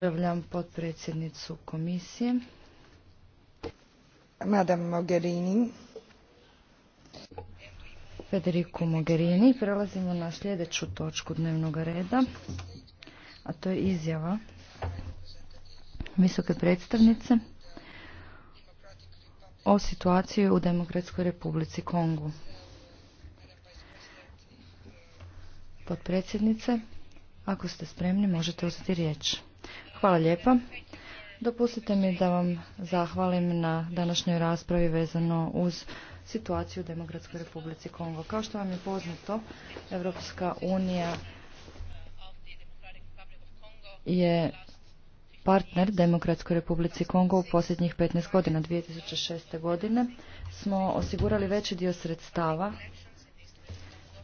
Pozdravljam potpredsjednicu komisije. Madame Mogherini. Federico Mogherini. Prelazimo na sljedeću točku dnevnog reda, a to je izjava visoke predstavnice o situaciji u Demokratskoj republici Kongu. Potpredsjednice, ako ste spremni, možete uzeti riječ. Hvala lijepa. Dopustite mi da vam zahvalim na današnjoj raspravi vezano uz situaciju u Demokratskoj republici Kongo. Kao što vam je poznato, Evropska unija je partner Demokratskoj republici Kongo u posljednjih 15 godina, 2006. godine, smo osigurali veći dio sredstava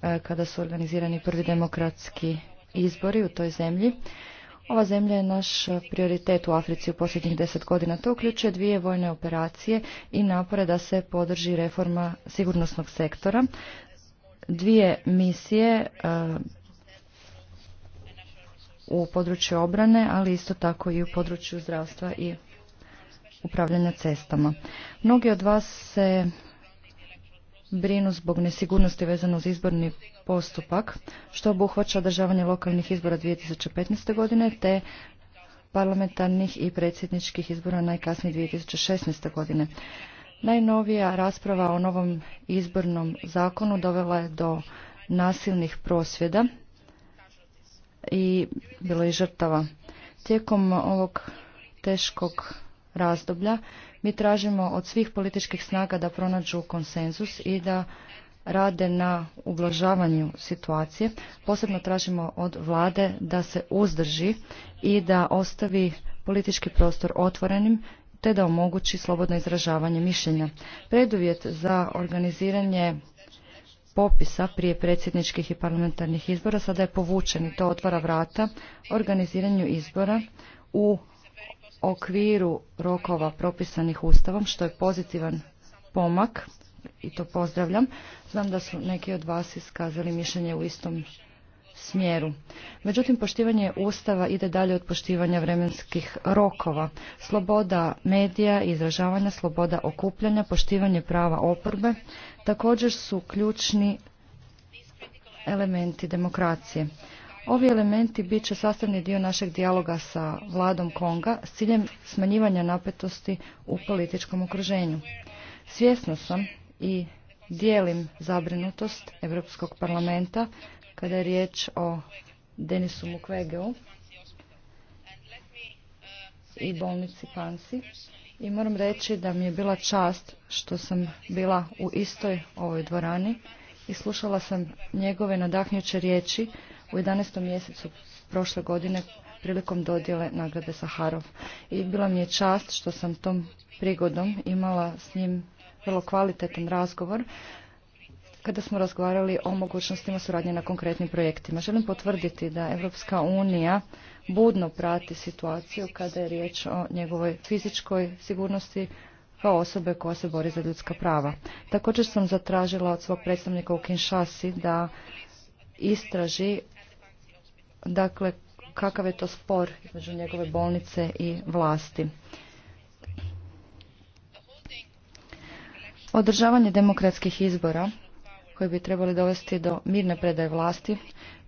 e, kada su organizirani prvi demokratski izbori u toj zemlji. Ova zemlja je naš prioritet u Africi u posljednjih deset godina. To uključuje dvije vojne operacije i napore da se podrži reforma sigurnosnog sektora, dvije misije uh, u području obrane, ali isto tako i u području zdravstva i upravljanja cestama. Mnogi od vas se brinu zbog nesigurnosti vezano uz izborni postupak, što obuhvaća održavanje lokalnih izbora 2015. godine te parlamentarnih i predsjedničkih izbora najkasnije 2016. godine. Najnovija rasprava o novom izbornom zakonu dovela je do nasilnih prosvjeda i bilo je žrtava. Tijekom ovog teškog razdoblja mi tražimo od svih političkih snaga da pronađu konsenzus i da rade na ublažavanju situacije. Posebno tražimo od vlade da se uzdrži i da ostavi politički prostor otvorenim te da omogući slobodno izražavanje mišljenja. Preduvjet za organiziranje popisa prije predsjedničkih i parlamentarnih izbora sada je povučen i to otvara vrata organiziranju izbora u okviru rokova propisanih Ustavom, što je pozitivan pomak i to pozdravljam. Znam da su neki od vas iskazali mišljenje u istom smjeru. Međutim, poštivanje Ustava ide dalje od poštivanja vremenskih rokova. Sloboda medija, izražavanja, sloboda okupljanja, poštivanje prava oporbe također su ključni elementi demokracije. Ovi elementi bit će sastavni dio našeg dijaloga sa vladom Konga s ciljem smanjivanja napetosti u političkom okruženju. Svjesna sam i dijelim zabrinutost Europskog parlamenta kada je riječ o Denisu Mukwegeu i bolnici Pansi. I moram reći da mi je bila čast što sam bila u istoj ovoj dvorani i slušala sam njegove nadahnjuće riječi u 11. mjesecu prošle godine prilikom dodjele nagrade Saharov. I bila mi je čast što sam tom prigodom imala s njim vrlo kvalitetan razgovor kada smo razgovarali o mogućnostima suradnje na konkretnim projektima. Želim potvrditi da Evropska unija budno prati situaciju kada je riječ o njegovoj fizičkoj sigurnosti kao osobe koja se bori za ljudska prava. Također sam zatražila od svog predstavnika u Kinshasi da istraži dakle kakav je to spor između njegove bolnice i vlasti. Održavanje demokratskih izbora koji bi trebali dovesti do mirne predaje vlasti,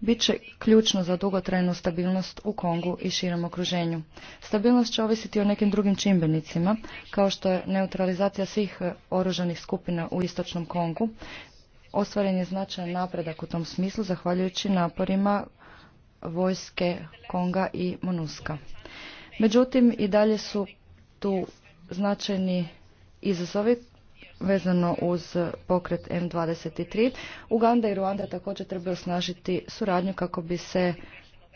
bit će ključno za dugotrajnu stabilnost u Kongu i širem okruženju. Stabilnost će ovisiti o nekim drugim čimbenicima, kao što je neutralizacija svih e, oružanih skupina u istočnom Kongu. Ostvaren je značajan napredak u tom smislu, zahvaljujući naporima vojske Konga i Monuska. Međutim, i dalje su tu značajni izazovi vezano uz pokret M23. Uganda i Ruanda također treba osnažiti suradnju kako bi se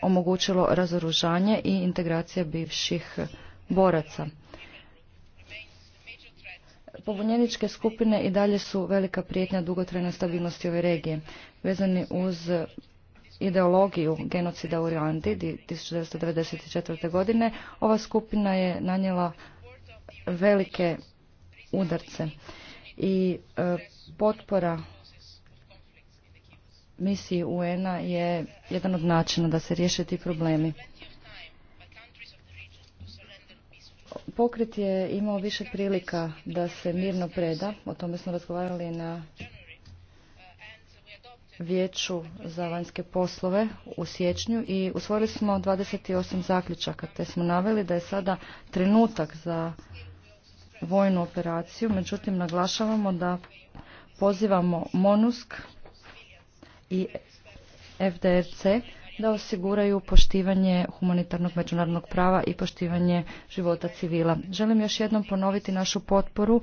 omogućilo razoružanje i integracija bivših boraca. Pobunjeničke skupine i dalje su velika prijetnja dugotrajnoj stabilnosti ove regije. Vezani uz ideologiju genocida u Rwandi 1994. godine, ova skupina je nanijela velike udarce i e, potpora misiji UN-a je jedan od načina da se riješe ti problemi. Pokret je imao više prilika da se mirno preda, o tome smo razgovarali na vijeću za vanjske poslove u siječnju i usvojili smo 28 zaključaka te smo naveli da je sada trenutak za vojnu operaciju, međutim naglašavamo da pozivamo MONUSK i FDRC da osiguraju poštivanje humanitarnog međunarodnog prava i poštivanje života civila. Želim još jednom ponoviti našu potporu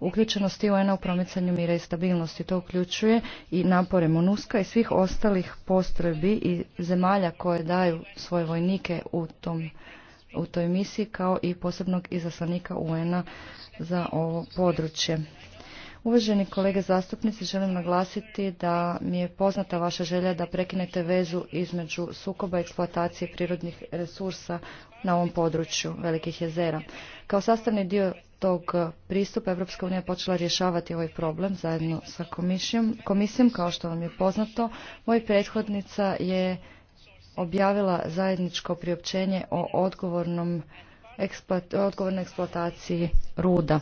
uključenosti UN-a u promicanju mira i stabilnosti. To uključuje i napore Monuska i svih ostalih postrojbi i zemalja koje daju svoje vojnike u tom u toj misiji kao i posebnog izaslanika UN-a za ovo područje. Uvaženi kolege zastupnici, želim naglasiti da mi je poznata vaša želja da prekinete vezu između sukoba i eksploatacije prirodnih resursa na ovom području velikih jezera. Kao sastavni dio tog pristupa Evropska unija počela rješavati ovaj problem zajedno sa komisijom. Komisijom, kao što vam je poznato, moj prethodnica je objavila zajedničko priopćenje o odgovornom odgovornoj eksploataciji ruda.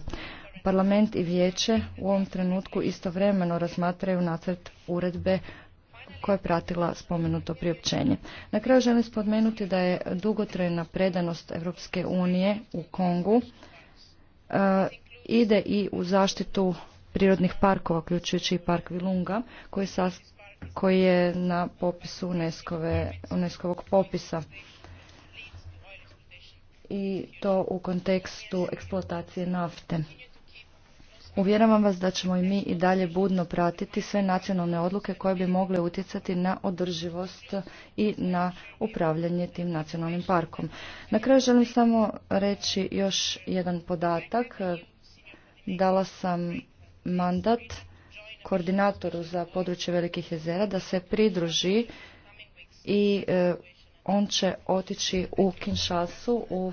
Parlament i vijeće u ovom trenutku istovremeno razmatraju nacrt uredbe koja je pratila spomenuto priopćenje. Na kraju želim spomenuti da je dugotrajna predanost Europske unije u Kongu e, ide i u zaštitu prirodnih parkova, uključujući i park Vilunga, koji, je na popisu unesco popisa i to u kontekstu eksploatacije nafte. Uvjeravam vas da ćemo i mi i dalje budno pratiti sve nacionalne odluke koje bi mogle utjecati na održivost i na upravljanje tim nacionalnim parkom. Na kraju želim samo reći još jedan podatak. Dala sam mandat koordinatoru za područje Velikih jezera da se pridruži i e, on će otići u Kinshasu u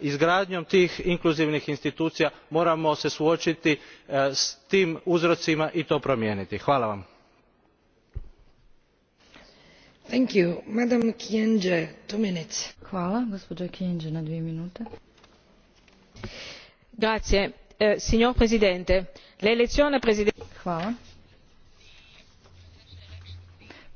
izgradnjom tih inkluzivnih institucija moramo se suočiti e, s tim uzrocima i to promijeniti. hvala vam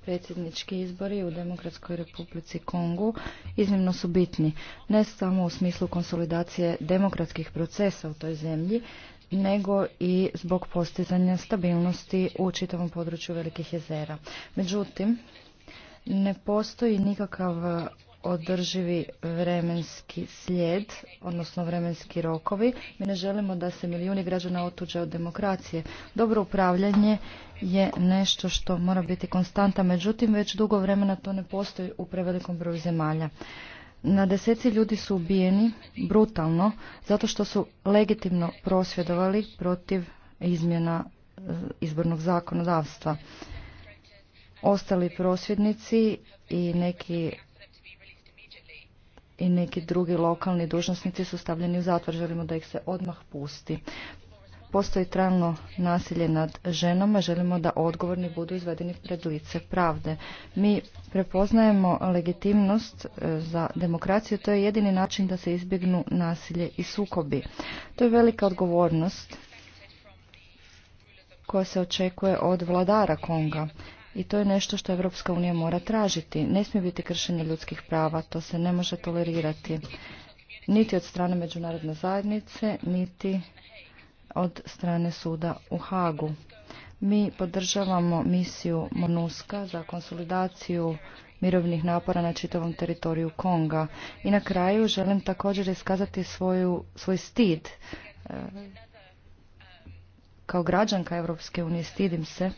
predsjednički izbori u Demokratskoj republici Kongu iznimno su bitni, ne samo u smislu konsolidacije demokratskih procesa u toj zemlji, nego i zbog postizanja stabilnosti u čitavom području velikih jezera. Međutim, ne postoji nikakav održivi vremenski slijed, odnosno vremenski rokovi. Mi ne želimo da se milijuni građana otuđe od demokracije. Dobro upravljanje je nešto što mora biti konstanta, međutim već dugo vremena to ne postoji u prevelikom broju zemalja. Na deseci ljudi su ubijeni brutalno zato što su legitimno prosvjedovali protiv izmjena e, izbornog zakonodavstva. Ostali prosvjednici i neki i neki drugi lokalni dužnosnici su stavljeni u zatvor. Želimo da ih se odmah pusti. Postoji trajno nasilje nad ženama, želimo da odgovorni budu izvedeni pred lice pravde. Mi prepoznajemo legitimnost e, za demokraciju, to je jedini način da se izbjegnu nasilje i sukobi. To je velika odgovornost koja se očekuje od vladara Konga i to je nešto što Evropska unija mora tražiti. Ne smije biti kršenje ljudskih prava, to se ne može tolerirati niti od strane međunarodne zajednice, niti od strane suda u Hagu. Mi podržavamo misiju MONUSKA za konsolidaciju mirovnih napora na čitavom teritoriju Konga. I na kraju želim također iskazati svoju, svoj stid. E, kao građanka Europske unije stidim se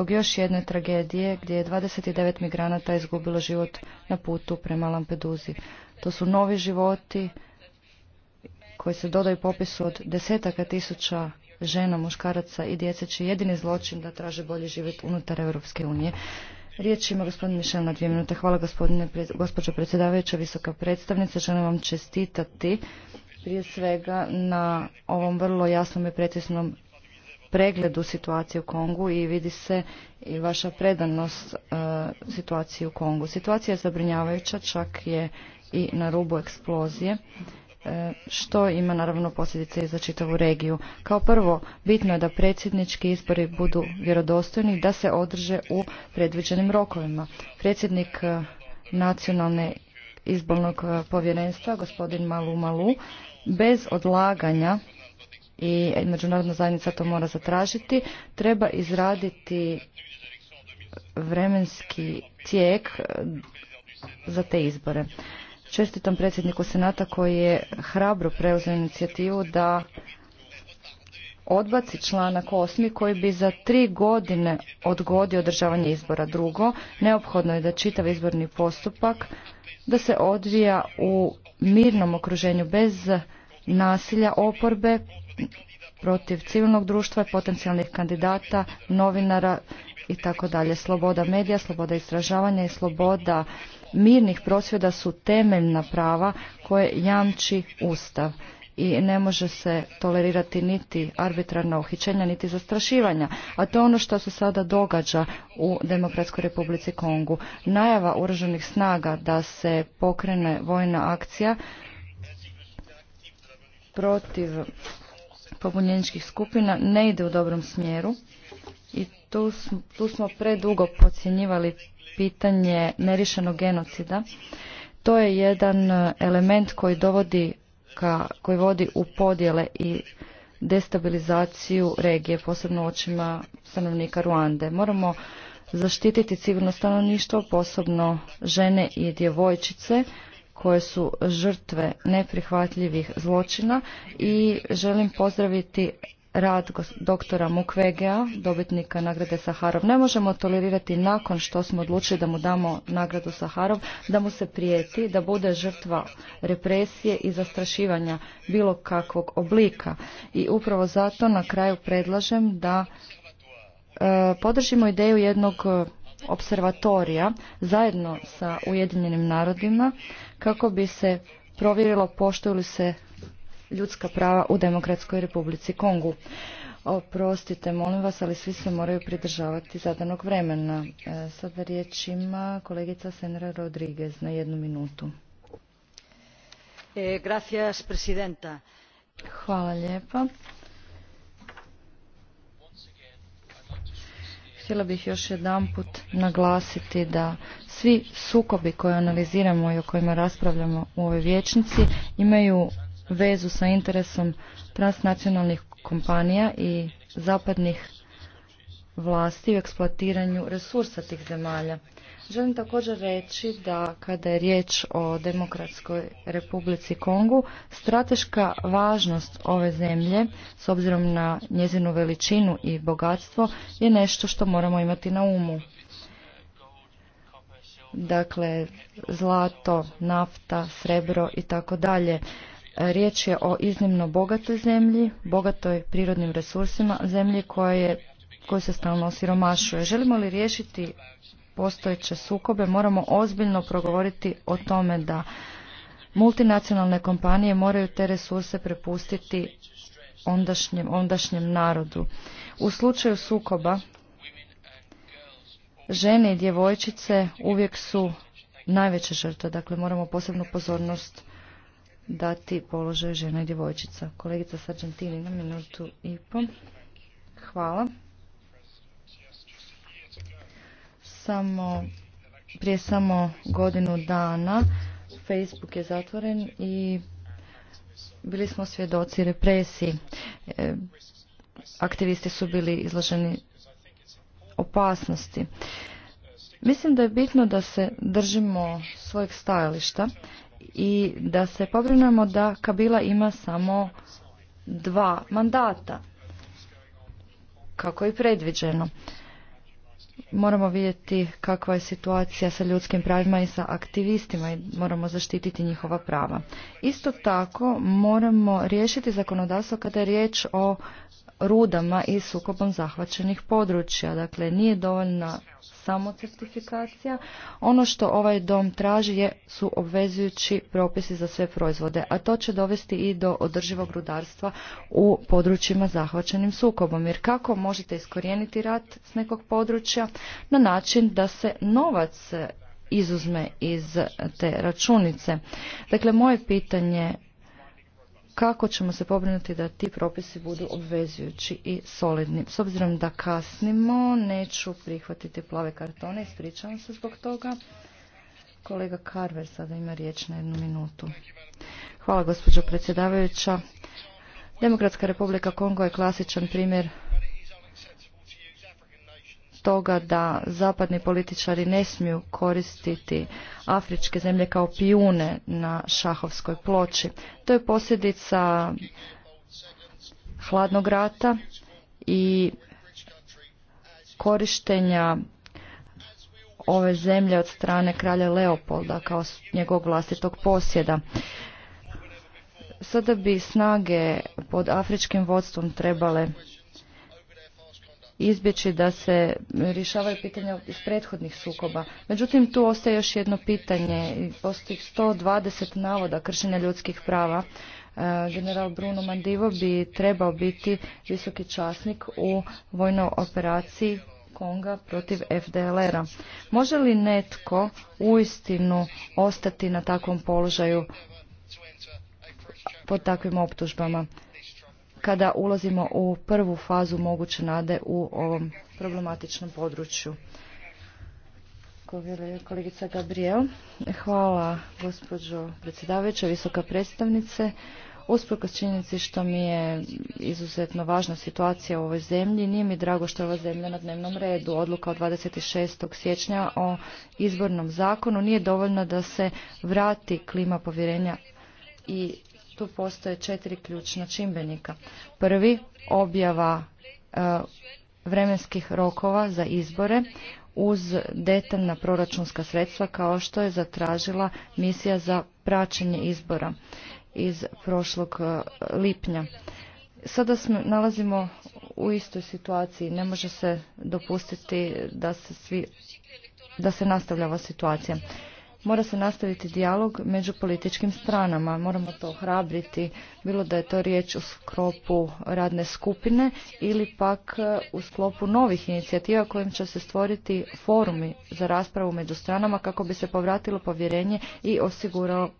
zbog još jedne tragedije gdje je 29 migranata izgubilo život na putu prema Lampeduzi. To su novi životi koji se dodaju popisu od desetaka tisuća žena, muškaraca i djece čiji jedini zločin da traže bolji život unutar Europske unije. Riječ ima gospodin Mišel na dvije minute. Hvala gospodine, gospođo predsjedavajuća, visoka predstavnica. Želim vam čestitati prije svega na ovom vrlo jasnom i preciznom pregledu situacije u Kongu i vidi se i vaša predanost e, situaciji u Kongu. Situacija je zabrinjavajuća, čak je i na rubu eksplozije e, što ima naravno posljedice i za čitavu regiju. Kao prvo, bitno je da predsjednički izbori budu vjerodostojni da se održe u predviđenim rokovima. Predsjednik e, nacionalne izbornog povjerenstva, gospodin Malu Malu, bez odlaganja i međunarodna zajednica to mora zatražiti, treba izraditi vremenski tijek e, za te izbore. Čestitam predsjedniku Senata koji je hrabro preuzeo inicijativu da odbaci članak osmi koji bi za tri godine odgodio održavanje izbora. Drugo, neophodno je da čitav izborni postupak da se odvija u mirnom okruženju bez nasilja oporbe protiv civilnog društva, potencijalnih kandidata, novinara i tako dalje. Sloboda medija, sloboda istražavanja i sloboda mirnih prosvjeda su temeljna prava koje jamči Ustav i ne može se tolerirati niti arbitrarna uhićenja, niti zastrašivanja. A to je ono što se sada događa u Demokratskoj republici Kongu. Najava oružanih snaga da se pokrene vojna akcija protiv pobunjeničkih skupina ne ide u dobrom smjeru i tu, smo predugo podcjenjivali pitanje neriješenog genocida. To je jedan e, element koji dovodi ka, koji vodi u podjele i destabilizaciju regije, posebno u očima stanovnika Ruande. Moramo zaštititi civilno stanovništvo, posebno žene i djevojčice, koje su žrtve neprihvatljivih zločina i želim pozdraviti rad doktora Mukwegea, dobitnika nagrade Saharov. Ne možemo tolerirati nakon što smo odlučili da mu damo nagradu Saharov, da mu se prijeti, da bude žrtva represije i zastrašivanja bilo kakvog oblika. I upravo zato na kraju predlažem da e, podržimo ideju jednog e, observatorija zajedno sa Ujedinjenim narodima kako bi se provjerilo poštuju li se ljudska prava u Demokratskoj Republici Kongu. Oprostite, molim vas, ali svi se moraju pridržavati zadanog vremena. E, sada riječ ima kolegica Senra Rodriguez na jednu minutu. E, gracias, presidenta. Hvala lijepa. Htjela bih još jedanput naglasiti da svi sukobi koje analiziramo i o kojima raspravljamo u ovoj vječnici imaju vezu sa interesom transnacionalnih kompanija i zapadnih vlasti u eksploatiranju resursa tih zemalja. Želim također reći da kada je riječ o Demokratskoj republici Kongu, strateška važnost ove zemlje, s obzirom na njezinu veličinu i bogatstvo, je nešto što moramo imati na umu dakle zlato, nafta, srebro i tako dalje. Riječ je o iznimno bogatoj zemlji, bogatoj prirodnim resursima, zemlji koja je se stalno osiromašuje. Želimo li riješiti postojeće sukobe, moramo ozbiljno progovoriti o tome da multinacionalne kompanije moraju te resurse prepustiti ondašnjem, ondašnjem narodu. U slučaju sukoba žene i djevojčice uvijek su najveće žrtve, dakle moramo posebnu pozornost dati položaju žena i djevojčica. Kolegica Sargentini na minutu i po. Hvala. Samo, prije samo godinu dana Facebook je zatvoren i bili smo svjedoci represiji. E, aktivisti su bili izloženi opasnosti. Mislim da je bitno da se držimo svojeg stajališta i da se pobrinemo da Kabila ima samo dva mandata, kako je predviđeno. Moramo vidjeti kakva je situacija sa ljudskim pravima i sa aktivistima i moramo zaštititi njihova prava. Isto tako moramo riješiti zakonodavstvo kada je riječ o rudama i sukobom zahvaćenih područja. Dakle, nije dovoljna samo certifikacija. Ono što ovaj dom traži je, su obvezujući propisi za sve proizvode, a to će dovesti i do održivog rudarstva u područjima zahvaćenim sukobom. Jer kako možete iskorijeniti rat s nekog područja na način da se novac izuzme iz te računice. Dakle, moje pitanje kako ćemo se pobrinuti da ti propisi budu obvezujući i solidni. S obzirom da kasnimo, neću prihvatiti plave kartone, ispričavam se zbog toga. Kolega Karver sada ima riječ na jednu minutu. Hvala gospođo predsjedavajuća. Demokratska republika Kongo je klasičan primjer toga da zapadni političari ne smiju koristiti afričke zemlje kao pijune na šahovskoj ploči. To je posljedica hladnog rata i korištenja ove zemlje od strane kralja Leopolda kao njegovog vlastitog posjeda. Sada bi snage pod afričkim vodstvom trebale izbjeći da se rješavaju pitanja iz prethodnih sukoba. Međutim, tu ostaje još jedno pitanje. Postoji 120 navoda kršenja ljudskih prava. E, general Bruno Mandivo bi trebao biti visoki časnik u vojnoj operaciji Konga protiv FDLR-a. Može li netko uistinu ostati na takvom položaju pod takvim optužbama? kada ulazimo u prvu fazu moguće nade u ovom problematičnom području. Kolegica Gabriel, hvala gospođo predsjedavajuća, visoka predstavnice. Usprkos činjenici što mi je izuzetno važna situacija u ovoj zemlji, nije mi drago što je ova zemlja na dnevnom redu. Odluka od 26. siječnja o izbornom zakonu nije dovoljna da se vrati klima povjerenja i tu postoje četiri ključna čimbenika. Prvi, objava e, vremenskih rokova za izbore uz detaljna proračunska sredstva kao što je zatražila misija za praćenje izbora iz prošlog e, lipnja. Sada smo, nalazimo u istoj situaciji, ne može se dopustiti da se svi da se nastavlja ova situacija mora se nastaviti dijalog među političkim stranama. Moramo to hrabriti, bilo da je to riječ u sklopu radne skupine ili pak e, u sklopu novih inicijativa kojim će se stvoriti forumi za raspravu među stranama kako bi se povratilo povjerenje i osigurao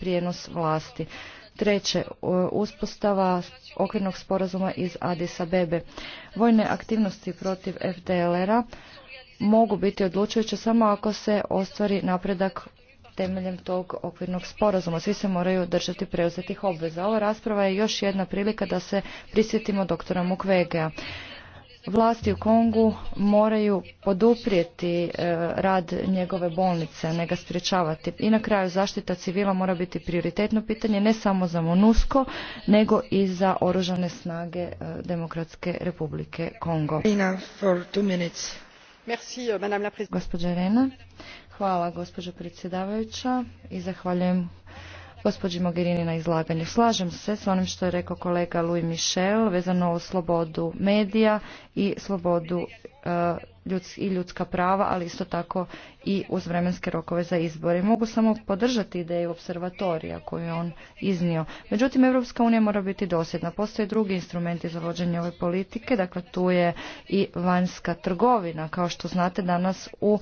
prijenos vlasti. Treće, e, uspostava okvirnog sporazuma iz Adisa Bebe. Vojne aktivnosti protiv FDLR-a mogu biti odlučujuće samo ako se ostvari napredak temeljem tog okvirnog sporazuma. Svi se moraju držati preuzetih obveza. Ova rasprava je još jedna prilika da se prisjetimo doktora Mukwegea. Vlasti u Kongu moraju poduprijeti e, rad njegove bolnice, ne ga spriječavati. I na kraju zaštita civila mora biti prioritetno pitanje ne samo za Monusko, nego i za oružane snage e, Demokratske republike Kongo. Euh, hvala gospođo predsjedavajuća i zahvaljujem gospođi Mogherini na izlaganju. Slažem se s onim što je rekao kolega Louis Michel vezano uz slobodu medija i slobodu eh, i ljudska prava, ali isto tako i uz vremenske rokove za izbore. Mogu samo podržati ideju observatorija koju je on iznio. Međutim, Europska unija mora biti dosjedna. Postoje drugi instrumenti za vođenje ove politike, dakle tu je i vanjska trgovina. Kao što znate, danas u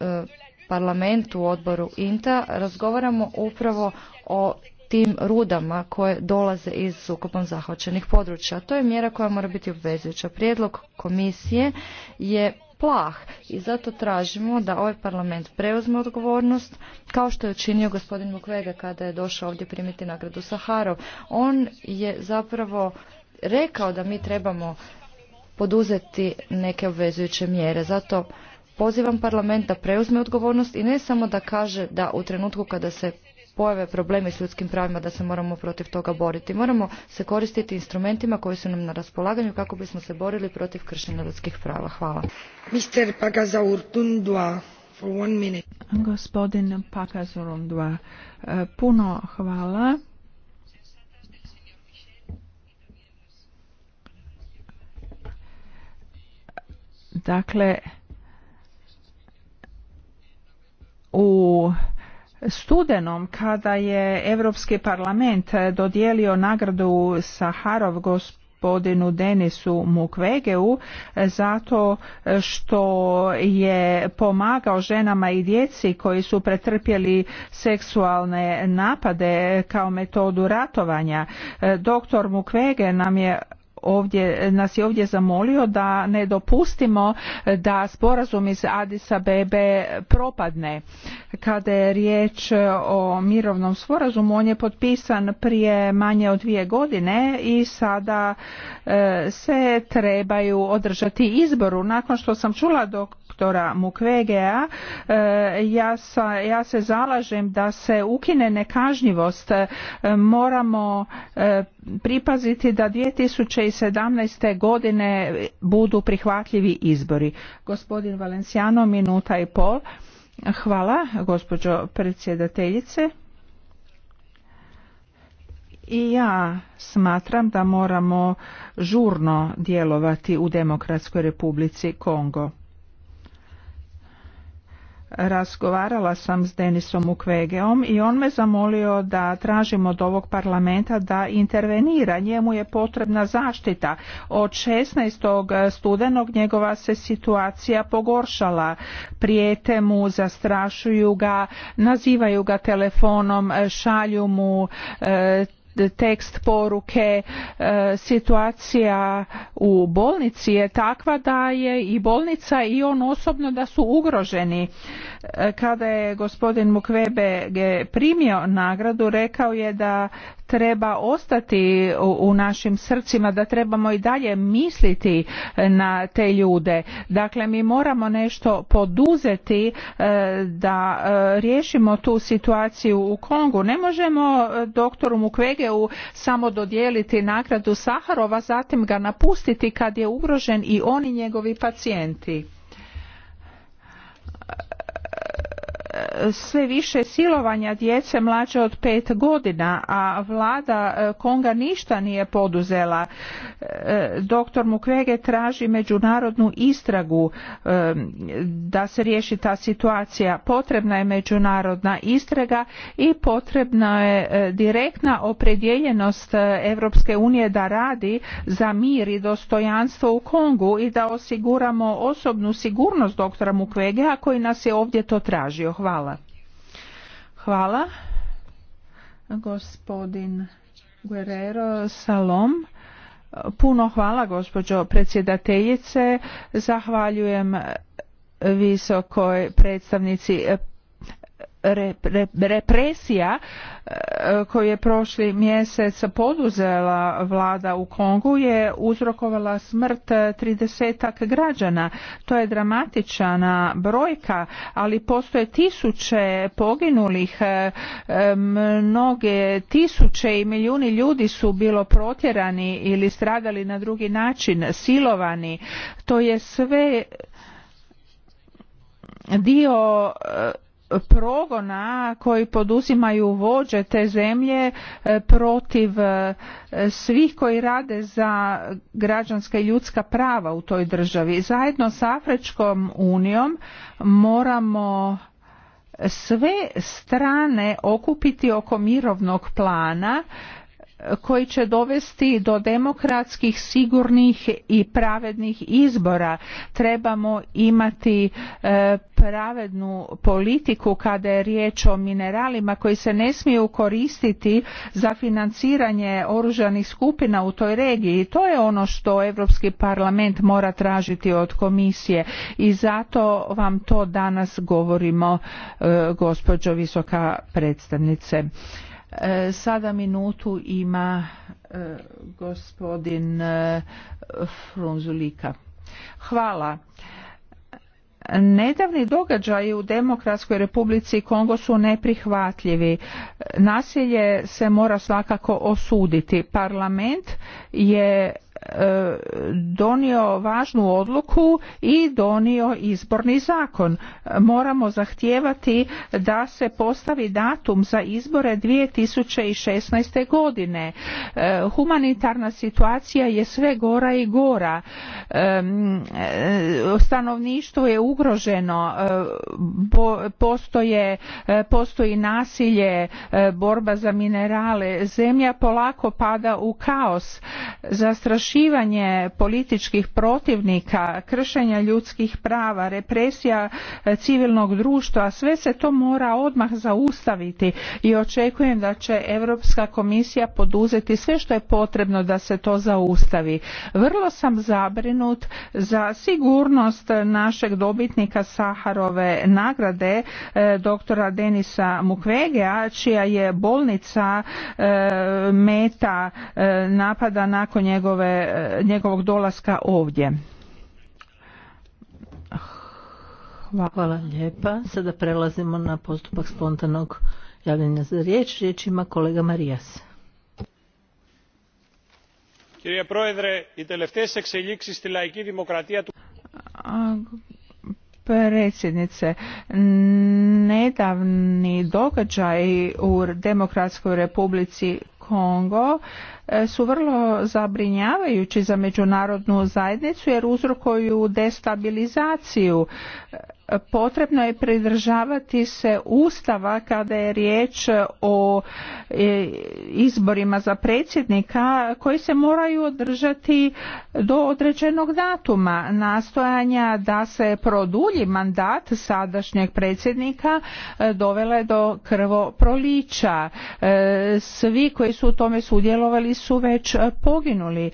e, parlamentu u odboru INTA razgovaramo upravo o tim rudama koje dolaze iz sukobom zahvaćenih područja. To je mjera koja mora biti obvezujuća. Prijedlog komisije je plah i zato tražimo da ovaj parlament preuzme odgovornost kao što je učinio gospodin Mukwege kada je došao ovdje primiti nagradu Saharov. On je zapravo rekao da mi trebamo poduzeti neke obvezujuće mjere. Zato pozivam parlament da preuzme odgovornost i ne samo da kaže da u trenutku kada se pojave problemi s ljudskim pravima da se moramo protiv toga boriti. Moramo se koristiti instrumentima koji su nam na raspolaganju kako bismo se borili protiv kršenja ljudskih prava. Hvala. Mr. Tundua, for one minute. Gospodin Tundua, e, puno hvala. Dakle, u studenom kada je Europski parlament dodijelio nagradu Saharov gospodinu Denisu Mukvegeu zato što je pomagao ženama i djeci koji su pretrpjeli seksualne napade kao metodu ratovanja. Doktor Mukvege nam je ovdje, nas je ovdje zamolio da ne dopustimo da sporazum iz Adisa Bebe propadne. Kada je riječ o mirovnom sporazumu, on je potpisan prije manje od dvije godine i sada e, se trebaju održati izboru. Nakon što sam čula dok doktora Mukwegea. E, ja, ja se zalažem da se ukine nekažnjivost. E, moramo e, pripaziti da 2017. godine budu prihvatljivi izbori. Gospodin Valenciano, minuta i pol. Hvala, gospođo predsjedateljice. I ja smatram da moramo žurno djelovati u Demokratskoj republici Kongo razgovarala sam s Denisom Ukvegeom i on me zamolio da tražim od ovog parlamenta da intervenira. Njemu je potrebna zaštita. Od 16. studenog njegova se situacija pogoršala. Prijete mu, zastrašuju ga, nazivaju ga telefonom, šalju mu e, tekst poruke e, situacija u bolnici je takva da je i bolnica i on osobno da su ugroženi E, kada je gospodin Mukwebe primio nagradu rekao je da treba ostati u našim srcima da trebamo i dalje misliti e, na te ljude dakle mi moramo nešto poduzeti e, da riješimo tu situaciju u Kongu ne možemo doktoru Mukwegeu samo dodijeliti nagradu Saharova zatim ga napustiti kad je ugrožen i on i njegovi pacijenti sve više silovanja djece mlađe od pet godina, a vlada e, Konga ništa nije poduzela. E, doktor Mukwege traži međunarodnu istragu e, da se riješi ta situacija. Potrebna je međunarodna istraga i potrebna je direktna opredjeljenost Europske unije da radi za mir i dostojanstvo u Kongu i da osiguramo osobnu sigurnost doktora a koji nas je ovdje to tražio. Hvala. Hvala. Gospodin Guerrero Salom. Puno hvala gospođo predsjedateljice. Zahvaljujem visokoj predstavnici represija e, koju je prošli mjesec poduzela vlada u Kongu je uzrokovala smrt tridesetak građana. To je dramatična brojka, ali postoje tisuće poginulih, e, mnoge tisuće i milijuni ljudi su bilo protjerani ili stradali na drugi način, silovani. To je sve dio e, progona koji poduzimaju vođe te zemlje e, protiv e, svih koji rade za građanska i ljudska prava u toj državi. Zajedno s Afričkom unijom moramo sve strane okupiti oko mirovnog plana koji će dovesti do demokratskih, sigurnih i pravednih izbora. Trebamo imati e, pravednu politiku kada je riječ o mineralima koji se ne smiju koristiti za financiranje oružanih skupina u toj regiji. to je ono što Europski parlament mora tražiti od komisije i zato vam to danas govorimo e, gospođo visoka predstavnice. E, sada minutu ima e, gospodin e, Frunzulika. Hvala. Nedavni događaji u Demokratskoj republici Kongo su neprihvatljivi. Nasilje se mora svakako osuditi. Parlament je donio važnu odluku i donio izborni zakon. Moramo zahtijevati da se postavi datum za izbore 2016. godine. E, humanitarna situacija je sve gora i gora. E, e, stanovništvo je ugroženo, postoje, postoji nasilje, borba za minerale, zemlja polako pada u kaos. Zastrašivanje političkih protivnika, kršenja ljudskih prava, represija e, civilnog društva, sve se to mora odmah zaustaviti i očekujem da će Europska komisija poduzeti sve što je potrebno da se to zaustavi. Vrlo sam zabrinut za sigurnost našeg dobitnika Saharove nagrade e, doktora Denisa Mukwegea čija je bolnica e, meta napada nakon njegove njegovog dolaska ovdje. Hvala. Hvala lijepa. Sada prelazimo na postupak spontanog javljanja za riječ. Riječ ima kolega Marijas. Kirija i teleftes sti Predsjednice, nedavni događaj u Demokratskoj republici Kongo e, su vrlo zabrinjavajući za međunarodnu zajednicu jer uzrokuju destabilizaciju potrebno je pridržavati se ustava kada je riječ o e, izborima za predsjednika koji se moraju održati do određenog datuma nastojanja da se produlji mandat sadašnjeg predsjednika e, dovele do krvoprolića e, svi koji su u tome sudjelovali su već poginuli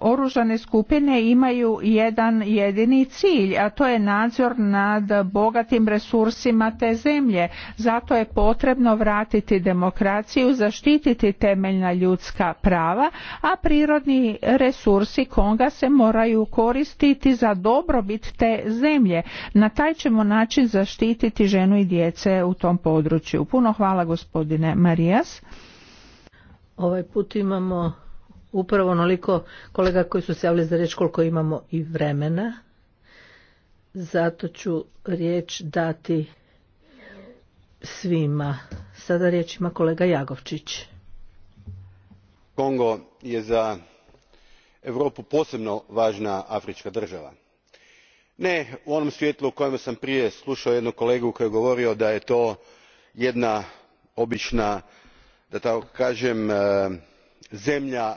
oružane skupine imaju jedan jedini cilj, a to je nadzor nad bogatim resursima te zemlje. Zato je potrebno vratiti demokraciju, zaštititi temeljna ljudska prava, a prirodni resursi Konga se moraju koristiti za dobrobit te zemlje. Na taj ćemo način zaštititi ženu i djece u tom području. Puno hvala gospodine Marijas. Ovaj put imamo upravo onoliko kolega koji su se javili za riječ koliko imamo i vremena. Zato ću riječ dati svima. Sada riječ ima kolega Jagovčić. Kongo je za Europu posebno važna afrička država. Ne u onom svjetlu u kojem sam prije slušao jednog kolegu koji je govorio da je to jedna obična da tako kažem eh, zemlja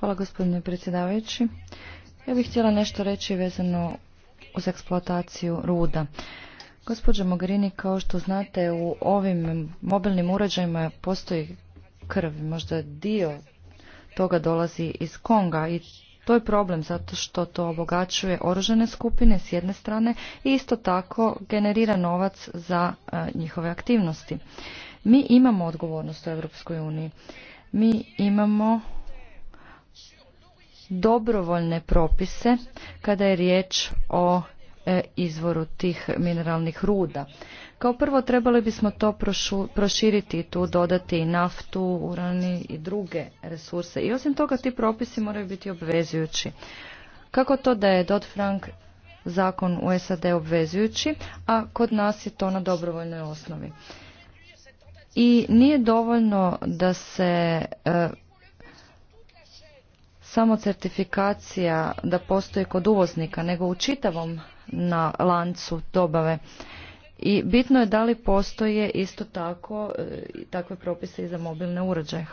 Hvala gospodine predsjedavajući. Ja bih htjela nešto reći vezano uz eksploataciju ruda. Gospođo Mogherini, kao što znate, u ovim mobilnim uređajima postoji krv. Možda dio toga dolazi iz Konga i to je problem zato što to obogaćuje oružane skupine s jedne strane i isto tako generira novac za e, njihove aktivnosti. Mi imamo odgovornost u Europskoj uniji. Mi imamo dobrovoljne propise kada je riječ o e, izvoru tih mineralnih ruda. Kao prvo trebali bismo to proširiti i tu dodati naftu, urani i druge resurse. I osim toga ti propisi moraju biti obvezujući. Kako to da je Dodd-Frank zakon u SAD obvezujući, a kod nas je to na dobrovoljnoj osnovi. I nije dovoljno da se e, samo certifikacija da postoji kod uvoznika, nego u čitavom na lancu dobave. I bitno je da li postoje isto tako e, takve propise i za mobilne uređaje.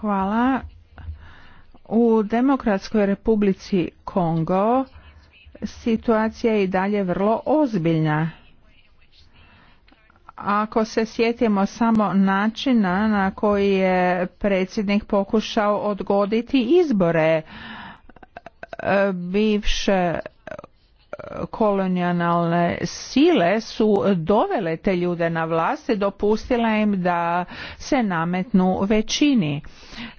Hvala. U Demokratskoj republici Kongo situacija je i dalje vrlo ozbiljna. Ako se sjetimo samo načina na koji je predsjednik pokušao odgoditi izbore, e, bivše kolonijalne sile su dovele te ljude na vlast i dopustila im da se nametnu većini.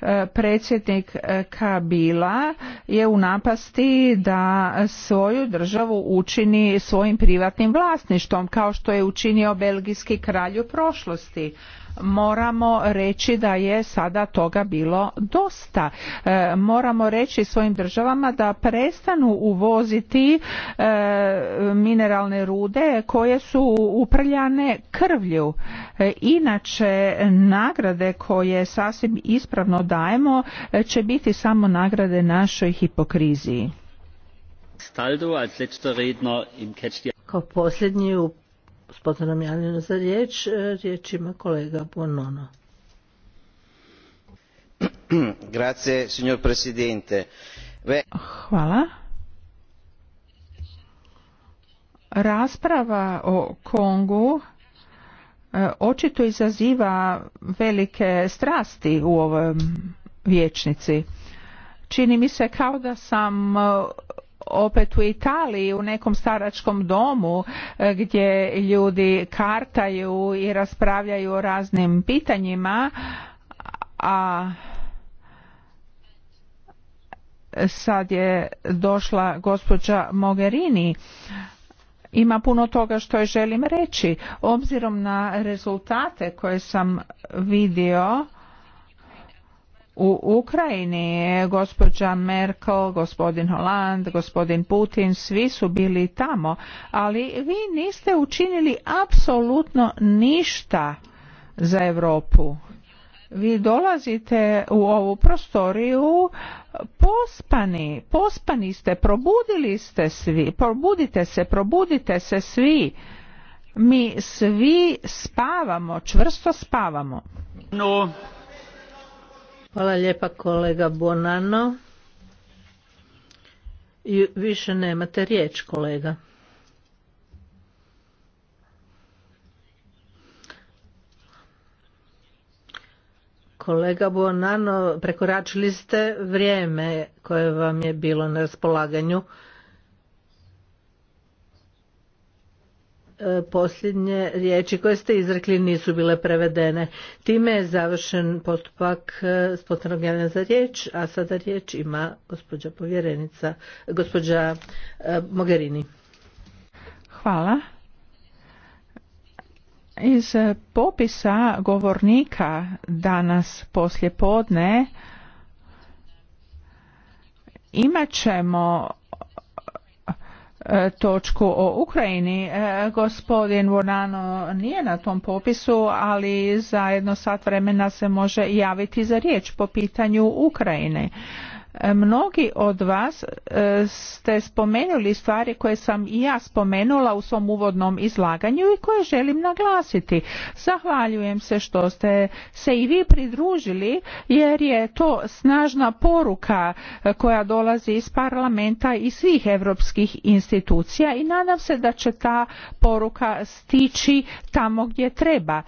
E, predsjednik e, Kabila je u napasti da svoju državu učini svojim privatnim vlasništvom kao što je učinio belgijski kralj u prošlosti moramo reći da je sada toga bilo dosta. E, moramo reći svojim državama da prestanu uvoziti e, mineralne rude koje su uprljane krvlju. E, inače, nagrade koje sasvim ispravno dajemo će biti samo nagrade našoj hipokriziji. Kao posljednji u nam javljeno za riječ. E, riječ ima kolega Bonono. Grazie, signor Presidente. Hvala. Rasprava o Kongu e, očito izaziva velike strasti u ovoj vječnici. Čini mi se kao da sam e, opet u Italiji u nekom staračkom domu e, gdje ljudi kartaju i raspravljaju o raznim pitanjima a sad je došla gospođa Mogherini ima puno toga što je želim reći obzirom na rezultate koje sam vidio u Ukrajini. Gospođa Merkel, gospodin Holland, gospodin Putin, svi su bili tamo, ali vi niste učinili apsolutno ništa za Europu. Vi dolazite u ovu prostoriju pospani, pospani ste, probudili ste svi, probudite se, probudite se svi. Mi svi spavamo, čvrsto spavamo. No, Hvala lijepa kolega Bonano. I više nemate riječ kolega. Kolega Bonano, prekoračili ste vrijeme koje vam je bilo na raspolaganju. E, posljednje riječi koje ste izrekli nisu bile prevedene. Time je završen postupak e, spontanog javljanja za riječ, a sada riječ ima gospođa povjerenica, gospođa e, Mogherini. Hvala. Iz popisa govornika danas poslje podne imat ćemo E, točku o Ukrajini. E, gospodin Vornano nije na tom popisu, ali jedno sat vremena se može javiti za riječ po pitanju Ukrajine. E, mnogi od vas e, ste spomenuli stvari koje sam i ja spomenula u svom uvodnom izlaganju i koje želim naglasiti. Zahvaljujem se što ste se i vi pridružili jer je to snažna poruka e, koja dolazi iz parlamenta i svih europskih institucija i nadam se da će ta poruka stići tamo gdje treba.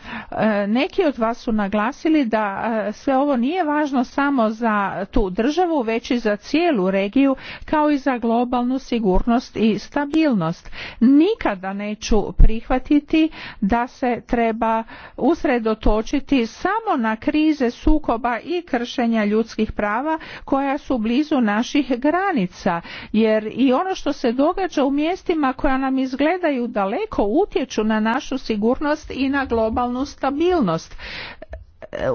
Neki od vas su naglasili da sve ovo nije važno samo za tu državu veći za cijelu regiju kao i za globalnu sigurnost i stabilnost. Nikada neću prihvatiti da se treba usredotočiti samo na krize sukoba i kršenja ljudskih prava koja su blizu naših granica jer i ono što se događa u mjestima koja nam izgledaju daleko utječu na našu sigurnost i na globalnu stabilnost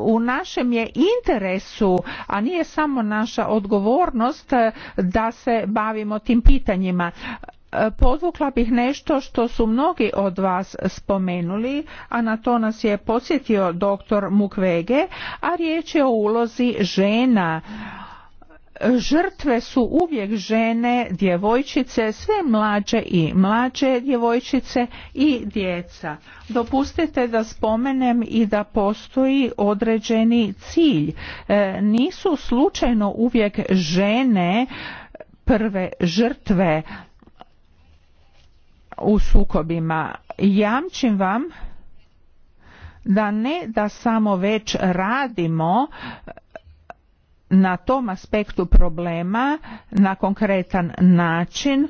u našem je interesu, a nije samo naša odgovornost e, da se bavimo tim pitanjima e, podvukla bih nešto što su mnogi od vas spomenuli, a na to nas je posjetio dr. Mukvege, a riječ je o ulozi žena žrtve su uvijek žene, djevojčice, sve mlađe i mlađe djevojčice i djeca. Dopustite da spomenem i da postoji određeni cilj. E, nisu slučajno uvijek žene prve žrtve u sukobima. Jamčim vam da ne da samo već radimo na tom aspektu problema na konkretan način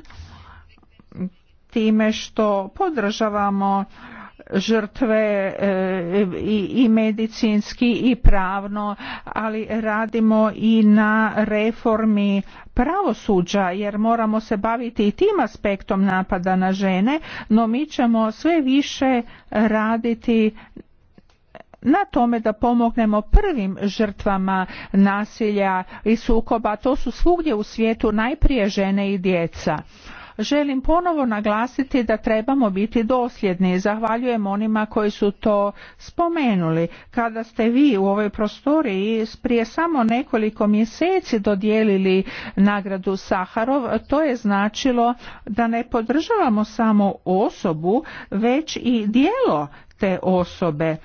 time što podržavamo žrtve e, i medicinski i pravno, ali radimo i na reformi pravosuđa jer moramo se baviti i tim aspektom napada na žene, no mi ćemo sve više raditi na tome da pomognemo prvim žrtvama nasilja i sukoba to su svugdje u svijetu najprije žene i djeca želim ponovo naglasiti da trebamo biti dosljedni zahvaljujem onima koji su to spomenuli kada ste vi u ovoj prostoriji prije samo nekoliko mjeseci dodijelili nagradu Saharov to je značilo da ne podržavamo samo osobu već i dijelo te osobe.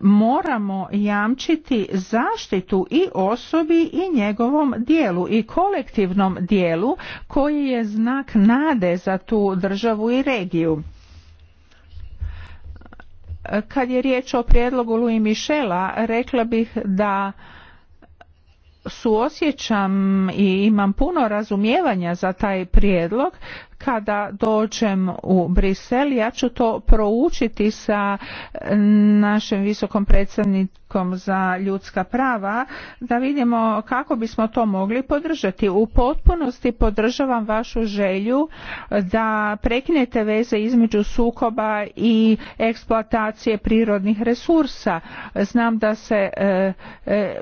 Moramo jamčiti zaštitu i osobi i njegovom dijelu i kolektivnom dijelu koji je znak nade za tu državu i regiju. Kad je riječ o prijedlogu Louis Michela, rekla bih da suosjećam i imam puno razumijevanja za taj prijedlog kada dođem u Brisel ja ću to proučiti sa e, našim visokom predsjednikom za ljudska prava da vidimo kako bismo to mogli podržati. U potpunosti podržavam vašu želju da prekinete veze između sukoba i eksploatacije prirodnih resursa. Znam da se e, e,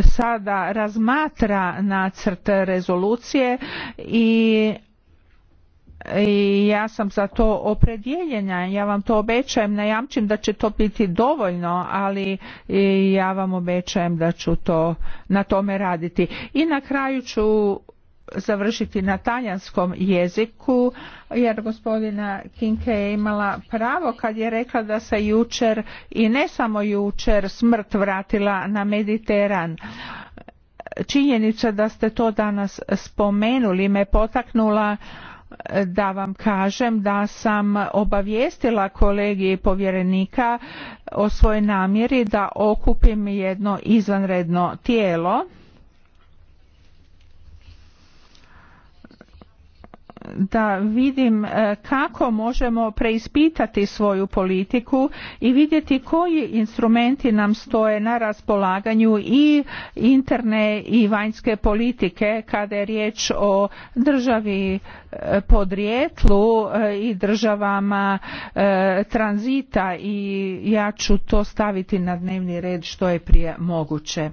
sada razmatra nacrt rezolucije i ja sam za to opredjeljena ja vam to obećajem najamčim jamčim da će to biti dovoljno ali ja vam obećajem da ću to na tome raditi i na kraju ću završiti na talijanskom jeziku jer gospodina Kinke je imala pravo kad je rekla da se jučer i ne samo jučer smrt vratila na Mediteran. Činjenica da ste to danas spomenuli me potaknula e, da vam kažem da sam obavijestila kolegi povjerenika o svojoj namjeri da okupim jedno izvanredno tijelo da vidim e, kako možemo preispitati svoju politiku i vidjeti koji instrumenti nam stoje na raspolaganju i interne i vanjske politike kada je riječ o državi e, podrijetlu e, i državama tranzita i ja ću to staviti na dnevni red što je prije moguće.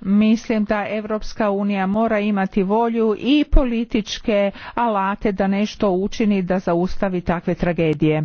Mislim da Europska unija mora imati volju i političke alate da nešto učini da zaustavi takve tragedije.